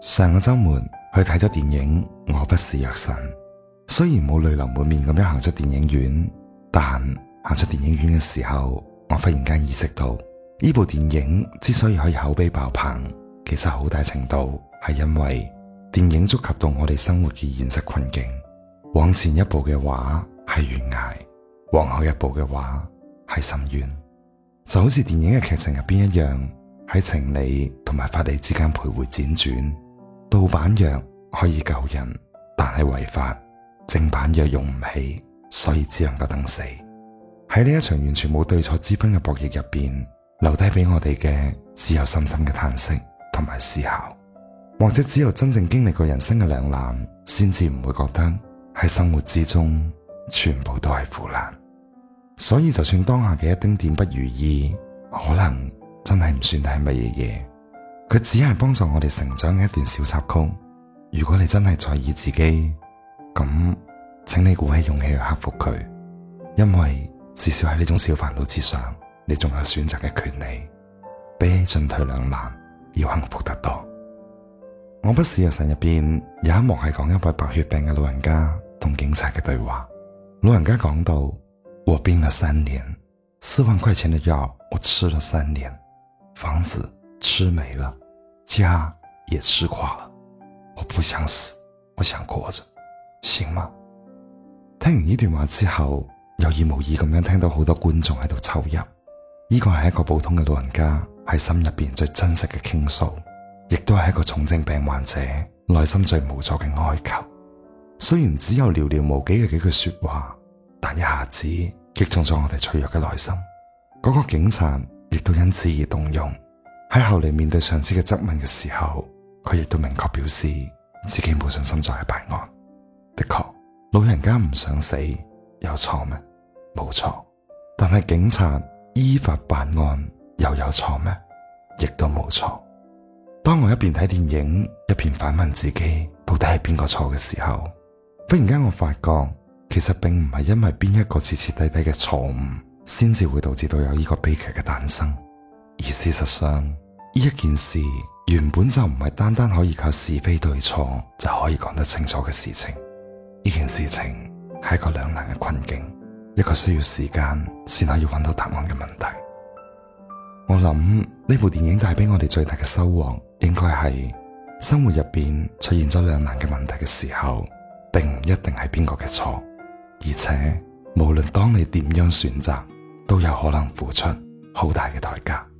上個周末去睇咗電影《我不是藥神》，雖然冇淚流滿面咁樣行出電影院，但行出電影院嘅時候，我忽然間意識到，呢部電影之所以可以口碑爆棚，其實好大程度係因為電影觸及到我哋生活嘅現實困境。往前一步嘅話係懸崖，往後一步嘅話係深淵，就好似電影嘅劇情入邊一樣，喺情理同埋法理之間徘徊輾轉。盜版藥可以救人，但係違法；正版藥用唔起，所以只能夠等死。喺呢一場完全冇對錯之分嘅博弈入邊，留低俾我哋嘅只有深深嘅嘆息同埋思考，或者只有真正經歷過人生嘅兩難，先至唔會覺得喺生活之中全部都係苦難。所以就算當下嘅一丁點不如意，可能真係唔算得係乜嘢嘢。佢只係幫助我哋成長嘅一段小插曲。如果你真係在意自己，咁，請你鼓起勇氣去克服佢，因為至少喺呢種小煩惱之上，你仲有選擇嘅權利，比起進退兩難，要幸福得多。我不是藥神入邊，有一幕係講一位白血病嘅老人家同警察嘅對話。老人家講到：我病了三年，四萬塊錢的藥我吃了三年，房子，吃沒了，家也吃垮了，我不想死，我想過着，行嗎？聽完呢段話之後，有意無意咁樣聽到好多觀眾喺度抽泣。呢個係一個普通嘅老人家喺心入邊最真實嘅傾訴，亦都係一個重症病患者內心最無助嘅哀求。雖然只有寥寥無幾嘅幾句說話，但一下子擊中咗我哋脆弱嘅內心。嗰個警察亦都因此而動容。喺後嚟面對上司嘅質問嘅時候，佢亦都明確表示自己冇信心再去辦案。的確，老人家唔想死，有錯咩？冇錯。但係警察依法辦案又有錯咩？亦都冇錯。當我一邊睇電影一邊反問自己到底係邊個錯嘅時候，忽然間我發覺其實並唔係因為邊一個徹徹底底嘅錯誤，先至會導致到有呢個悲劇嘅誕生。而事實上，呢一件事原本就唔係單單可以靠是非對錯就可以講得清楚嘅事情。呢件事情係一個兩難嘅困境，一個需要時間先可以揾到答案嘅問題。我諗呢部電影帶俾我哋最大嘅收穫，應該係生活入邊出現咗兩難嘅問題嘅時候，並唔一定係邊個嘅錯，而且無論當你點樣選擇，都有可能付出好大嘅代價。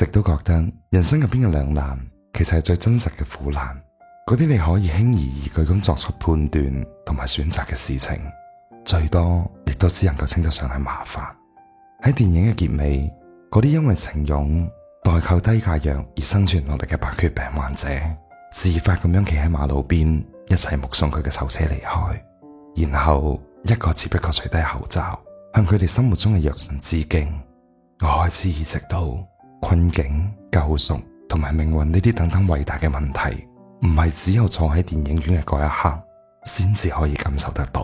一直都覺得人生入邊嘅兩難，其實係最真實嘅苦難。嗰啲你可以輕而易舉咁作出判斷同埋選擇嘅事情，最多亦都只能夠稱得上係麻煩。喺電影嘅結尾，嗰啲因為情勇代購低價藥而生存落嚟嘅白血病患者，自發咁樣企喺馬路邊，一齊目送佢嘅囚車離開，然後一個只不過取低口罩，向佢哋心目中嘅藥神致敬。我開始意識到。困境、救贖同埋命運呢啲等等偉大嘅問題，唔係只有坐喺電影院嘅嗰一刻先至可以感受得到，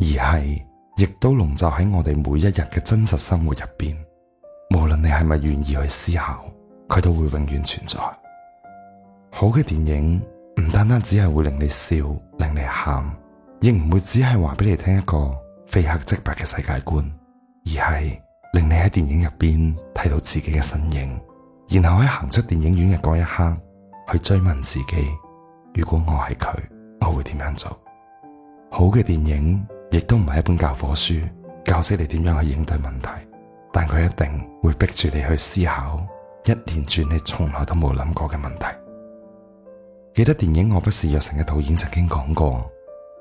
而係亦都籠罩喺我哋每一日嘅真實生活入邊。無論你係咪願意去思考，佢都會永遠存在。好嘅電影唔單單只係會令你笑、令你喊，亦唔會只係話俾你聽一個非黑即白嘅世界觀，而係令你喺電影入邊睇到自己嘅身影，然後喺行出電影院嘅嗰一刻，去追問自己：如果我係佢，我會點樣做？好嘅電影亦都唔係一本教科書，教識你點樣去應對問題，但佢一定會逼住你去思考，一連串你從來都冇諗過嘅問題。記得電影《我不是藥神》嘅導演曾經講過：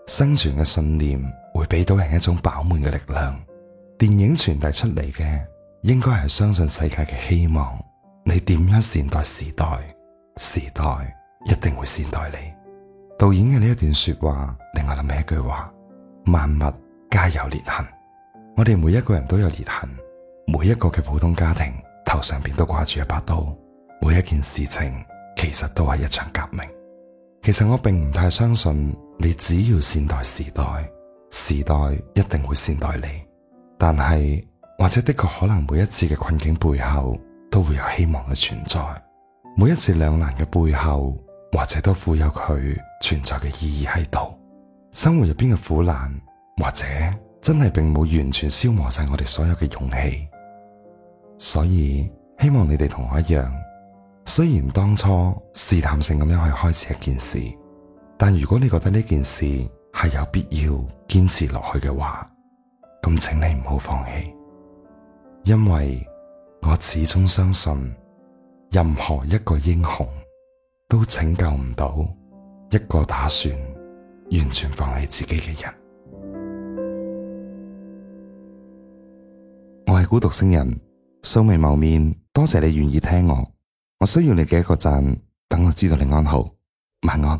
生存嘅信念會俾到人一種飽滿嘅力量。電影傳遞出嚟嘅應該係相信世界嘅希望。你點樣善待時代，時代一定會善待你。導演嘅呢一段說話令我諗起一句話：萬物皆有裂痕。我哋每一個人都有裂痕，每一個嘅普通家庭頭上邊都掛住一把刀。每一件事情其實都係一場革命。其實我並唔太相信，你只要善待時代，時代一定會善待你。但係，或者的確可能每一次嘅困境背後都會有希望嘅存在，每一次兩難嘅背後，或者都富有佢存在嘅意義喺度。生活入邊嘅苦難，或者真係並冇完全消磨晒我哋所有嘅勇氣。所以，希望你哋同我一樣，雖然當初試探性咁樣去開始一件事，但如果你覺得呢件事係有必要堅持落去嘅話。咁，請你唔好放棄，因為我始終相信，任何一個英雄都拯救唔到一個打算完全放棄自己嘅人。我係孤獨星人，素未謀面，多謝，謝你願意聽我。我需要你嘅一個讚，等我知道你安好。晚安。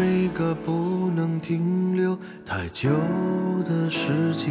是一個不能停留太久的世界。